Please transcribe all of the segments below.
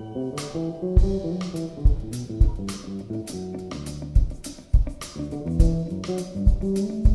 Thank you.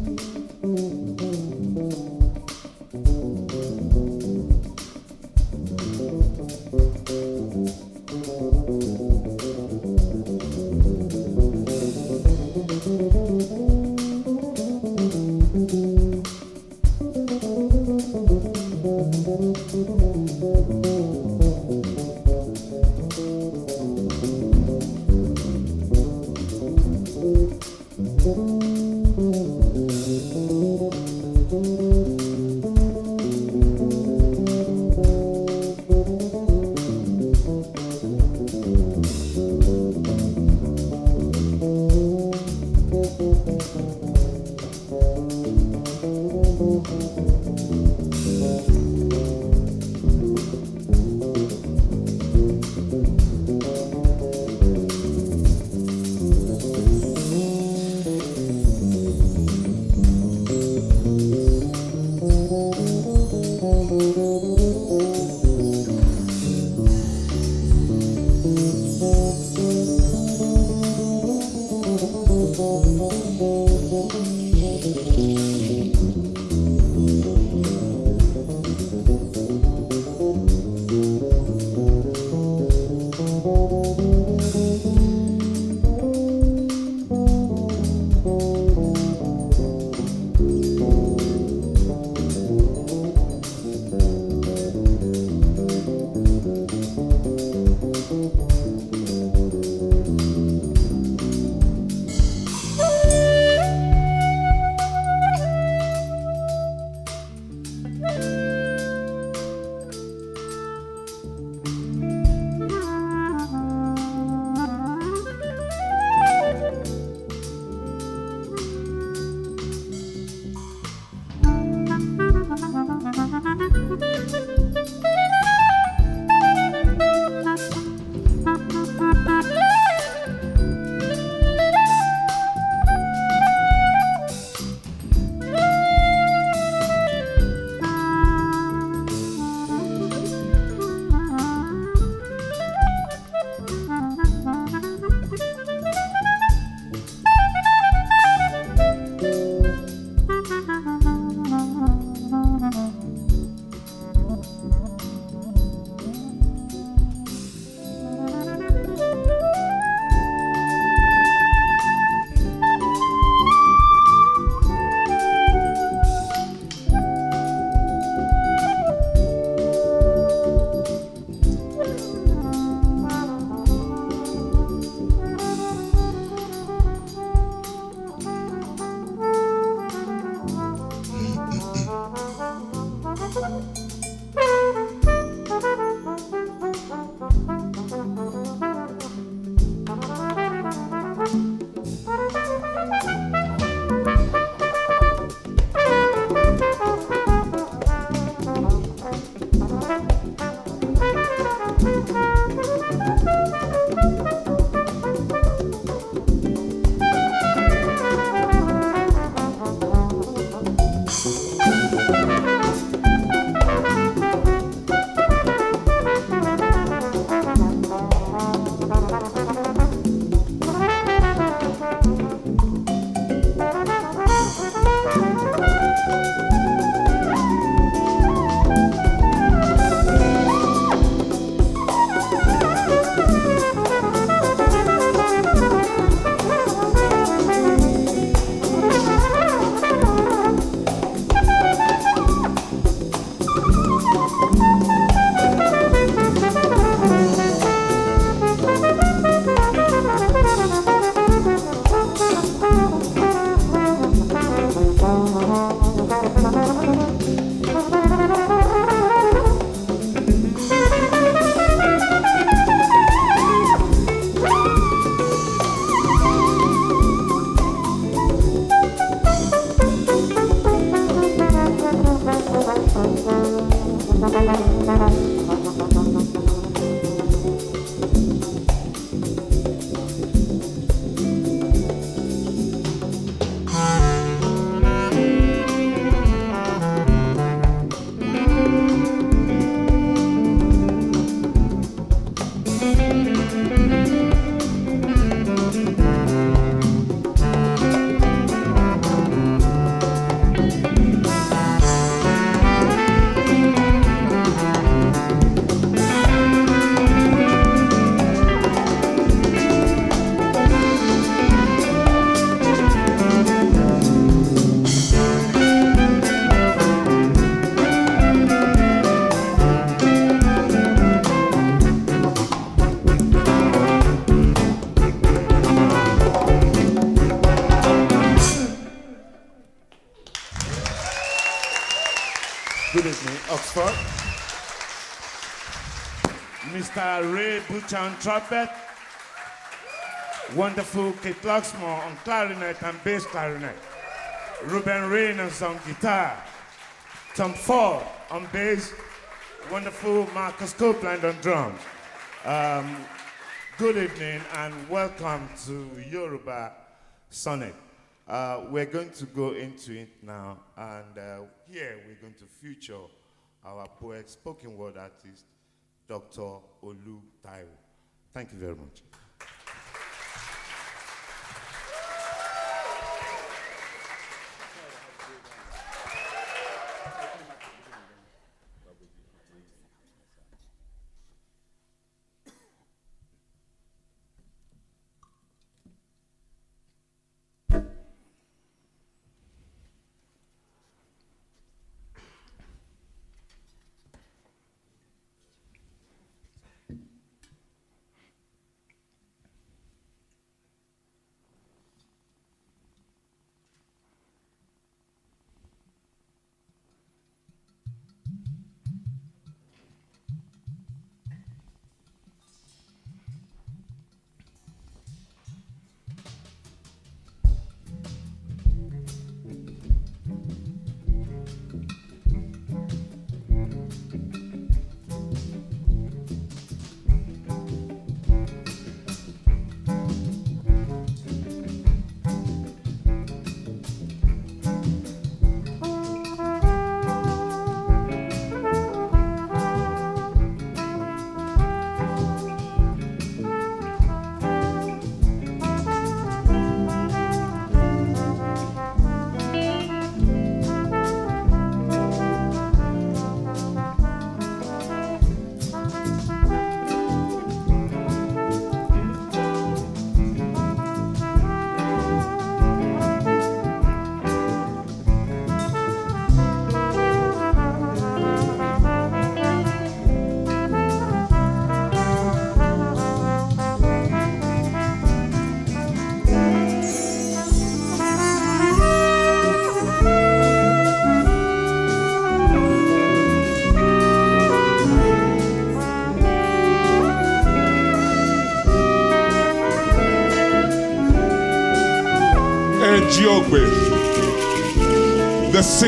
Butch on trumpet, wonderful Kit Luxmore on clarinet and bass clarinet, Ruben Reynolds on guitar, Tom Ford on bass, wonderful Marcus Copeland on drums. Um, good evening and welcome to Yoruba Sonnet. Uh, we're going to go into it now, and uh, here we're going to feature our poet, spoken word artist, Dr. Olu Taiwo. Thank you very much.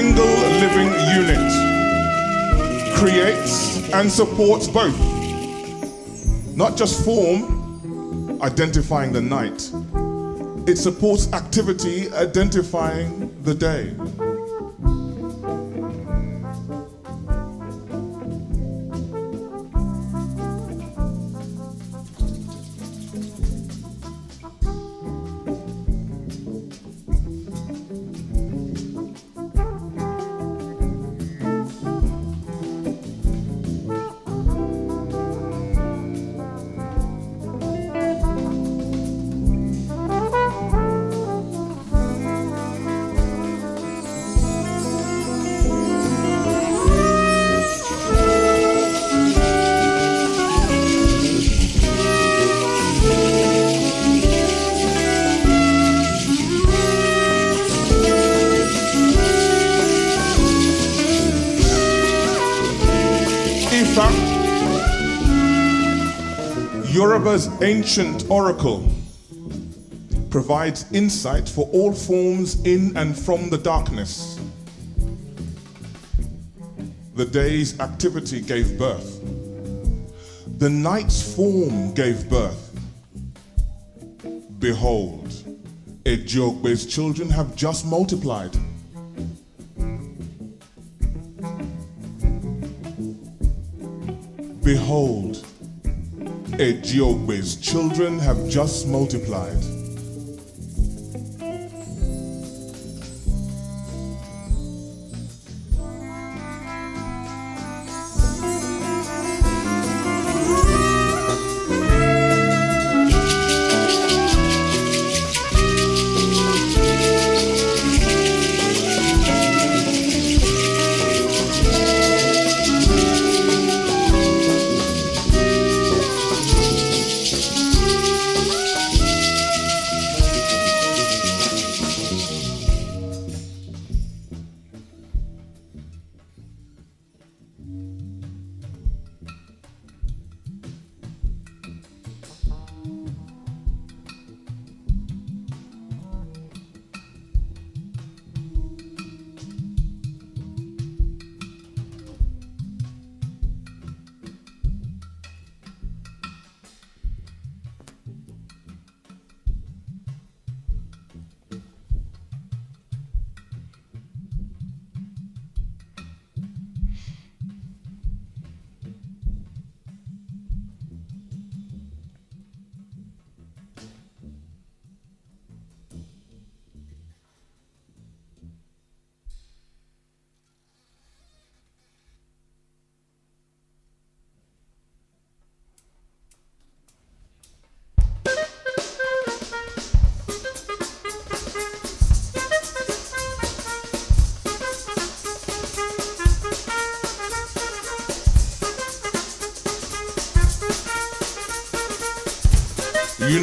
single living unit, creates and supports both, not just form, identifying the night, it supports activity, identifying the day. Yoruba's ancient oracle provides insight for all forms in and from the darkness. The day's activity gave birth. The night's form gave birth. Behold, Ejogbe's children have just multiplied. Behold, Ejiogbe's children have just multiplied.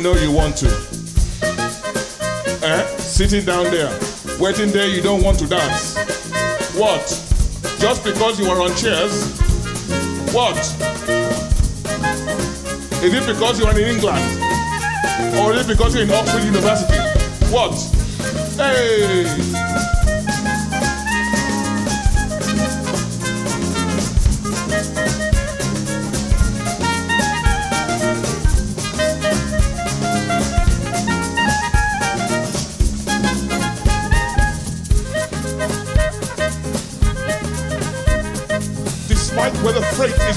know you want to. Eh? Sitting down there, waiting there, you don't want to dance. What? Just because you are on chairs? What? Is it because you are in England? Or is it because you're in Oxford University? What? Hey!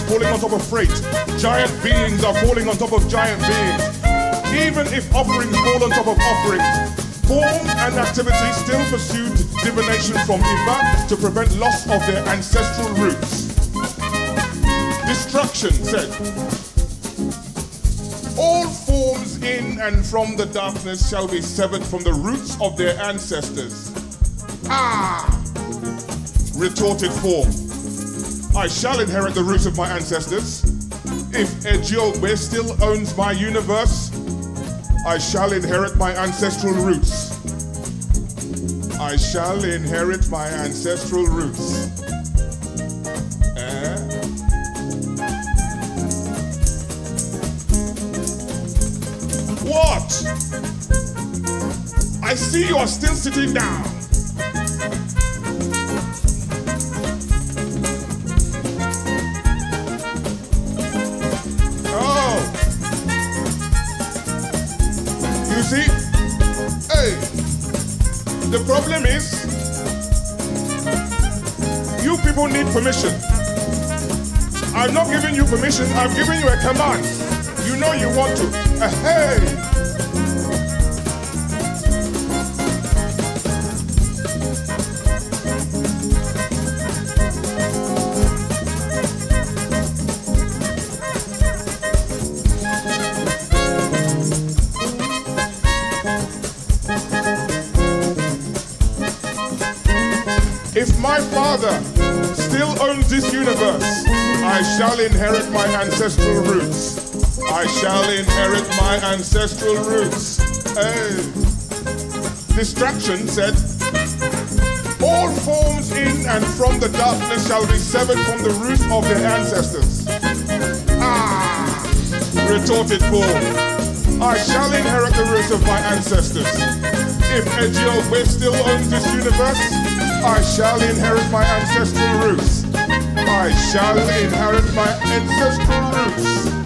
falling on top of freight. Giant beings are falling on top of giant beings. Even if offerings fall on top of offerings, form and activity still pursued divination from Ifa to prevent loss of their ancestral roots. Destruction said. All forms in and from the darkness shall be severed from the roots of their ancestors. Ah! Retorted form. I shall inherit the roots of my ancestors. If Ejiobe still owns my universe, I shall inherit my ancestral roots. I shall inherit my ancestral roots. Eh? What? I see you are still sitting down. people need permission. i am not giving you permission, i am giving you a command. You know you want to. Uh, hey! this universe, I shall inherit my ancestral roots. I shall inherit my ancestral roots. Hey. Distraction said, all forms in and from the darkness shall be severed from the roots of their ancestors. Ah! Retorted Paul, I shall inherit the roots of my ancestors. If Edgeo West still owns this universe, I shall inherit my ancestral roots. I shall inherit my ancestral roots.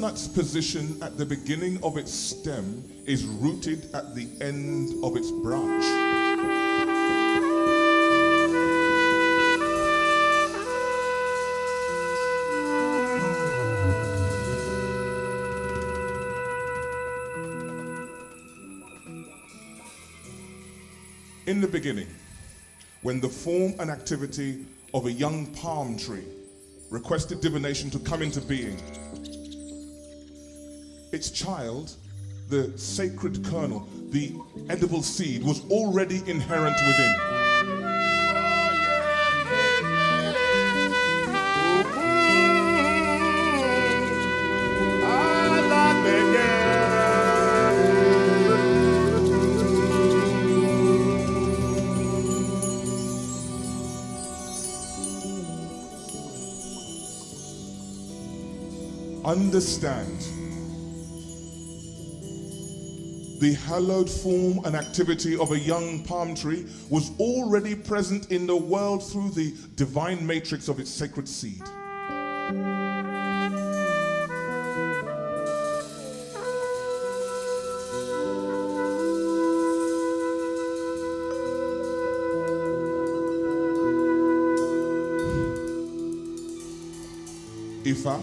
coconut's position at the beginning of its stem is rooted at the end of its branch. In the beginning, when the form and activity of a young palm tree requested divination to come into being, its child, the sacred kernel, the edible seed, was already inherent within. understand the hallowed form and activity of a young palm tree was already present in the world through the divine matrix of its sacred seed. Ifa,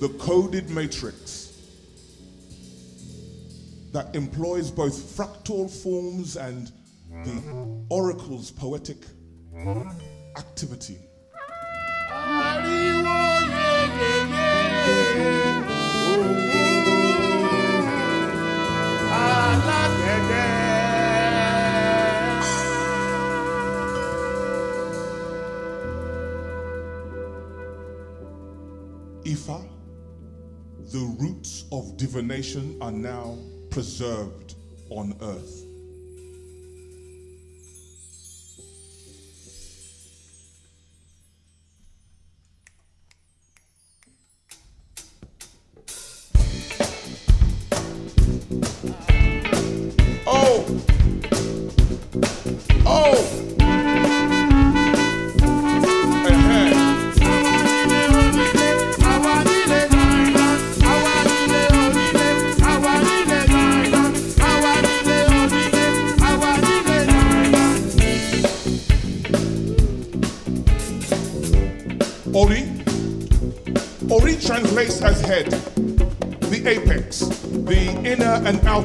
the coded matrix that employs both fractal forms and the oracle's poetic activity. Ifa, the roots of divination are now preserved on earth.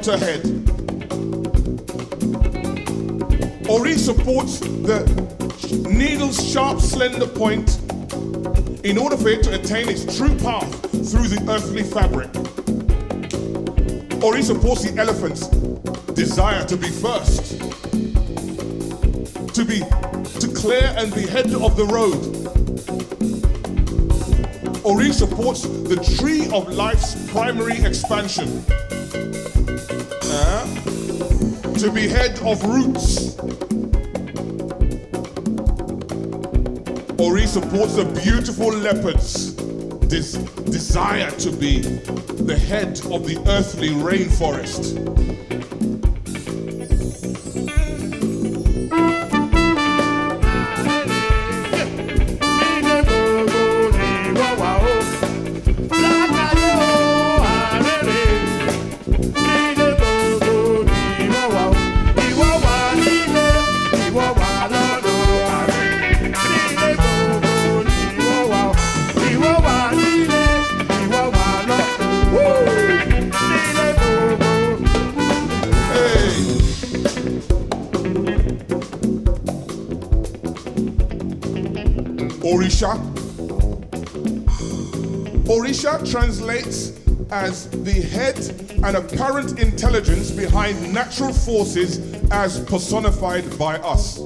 Waterhead. Ori supports the needle's sharp, slender point in order for it to attain its true path through the earthly fabric. Ori supports the elephant's desire to be first, to be to clear and be head of the road. Ori supports the tree of life's primary expansion to be head of roots. or he supports the beautiful leopard's this desire to be the head of the earthly rainforest. Orisha. Orisha translates as the head and apparent intelligence behind natural forces as personified by us.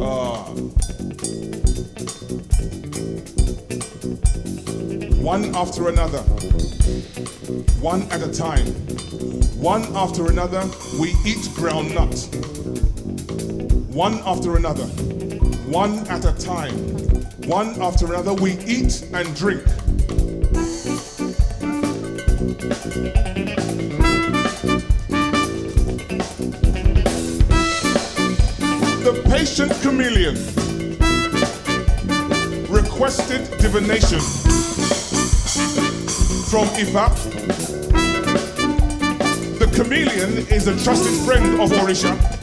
Ah. One after another, one at a time, one after another, we eat ground nuts one after another, one at a time, one after another. We eat and drink. The patient chameleon requested divination from Ifap. The chameleon is a trusted friend of Orisha.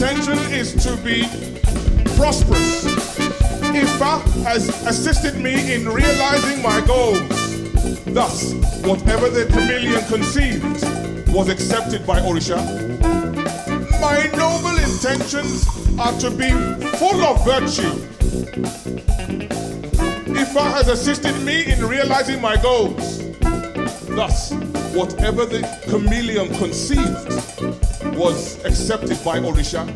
intention is to be prosperous. Ifa has assisted me in realizing my goals. Thus, whatever the chameleon conceived was accepted by Orisha. My noble intentions are to be full of virtue. Ifa has assisted me in realizing my goals. Thus, whatever the chameleon conceived was accepted by Orisha.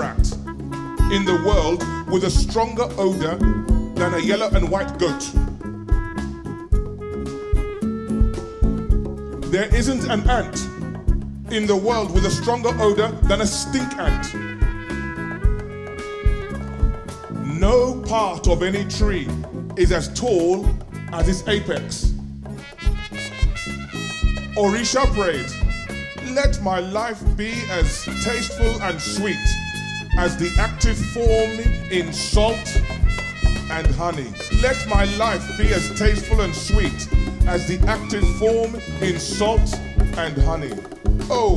rat in the world with a stronger odor than a yellow and white goat. There isn't an ant in the world with a stronger odor than a stink ant. No part of any tree is as tall as its apex. Orisha prayed, let my life be as tasteful and sweet as the active form in salt and honey. Let my life be as tasteful and sweet as the active form in salt and honey. Oh,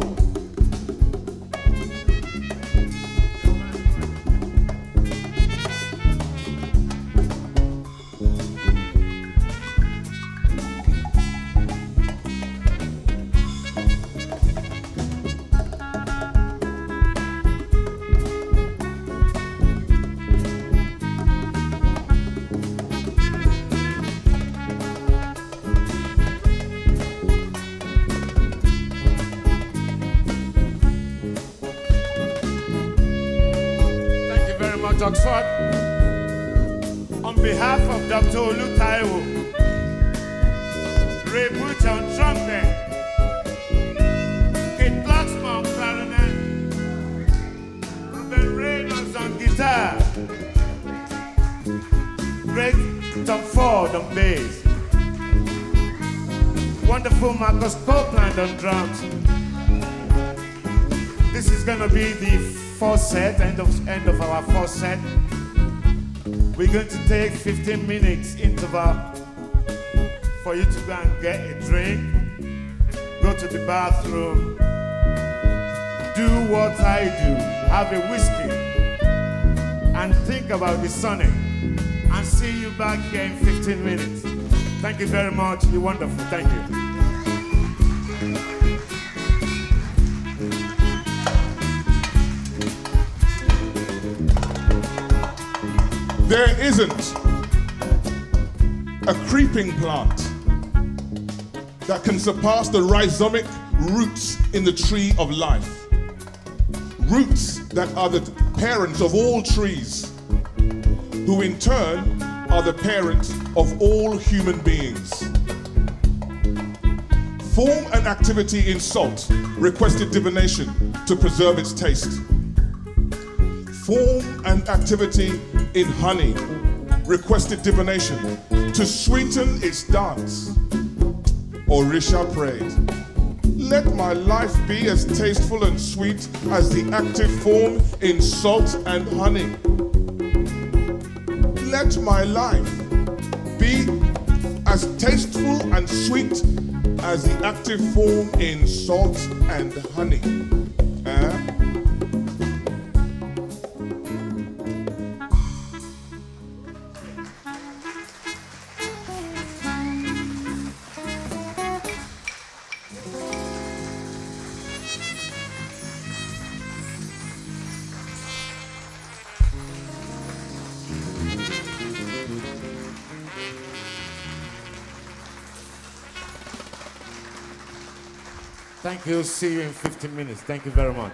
our first set. We're going to take 15 minutes interval for you to go and get a drink, go to the bathroom, do what I do, have a whiskey, and think about the sunny. And see you back here in 15 minutes. Thank you very much. You're wonderful. Thank you. There isn't a creeping plant that can surpass the rhizomic roots in the tree of life. Roots that are the parents of all trees, who in turn are the parents of all human beings. Form and activity in salt requested divination to preserve its taste. Form and activity in honey requested divination to sweeten its dance. Orisha prayed, Let my life be as tasteful and sweet as the active form in salt and honey. Let my life be as tasteful and sweet as the active form in salt and honey. We'll see you in 15 minutes. Thank you very much.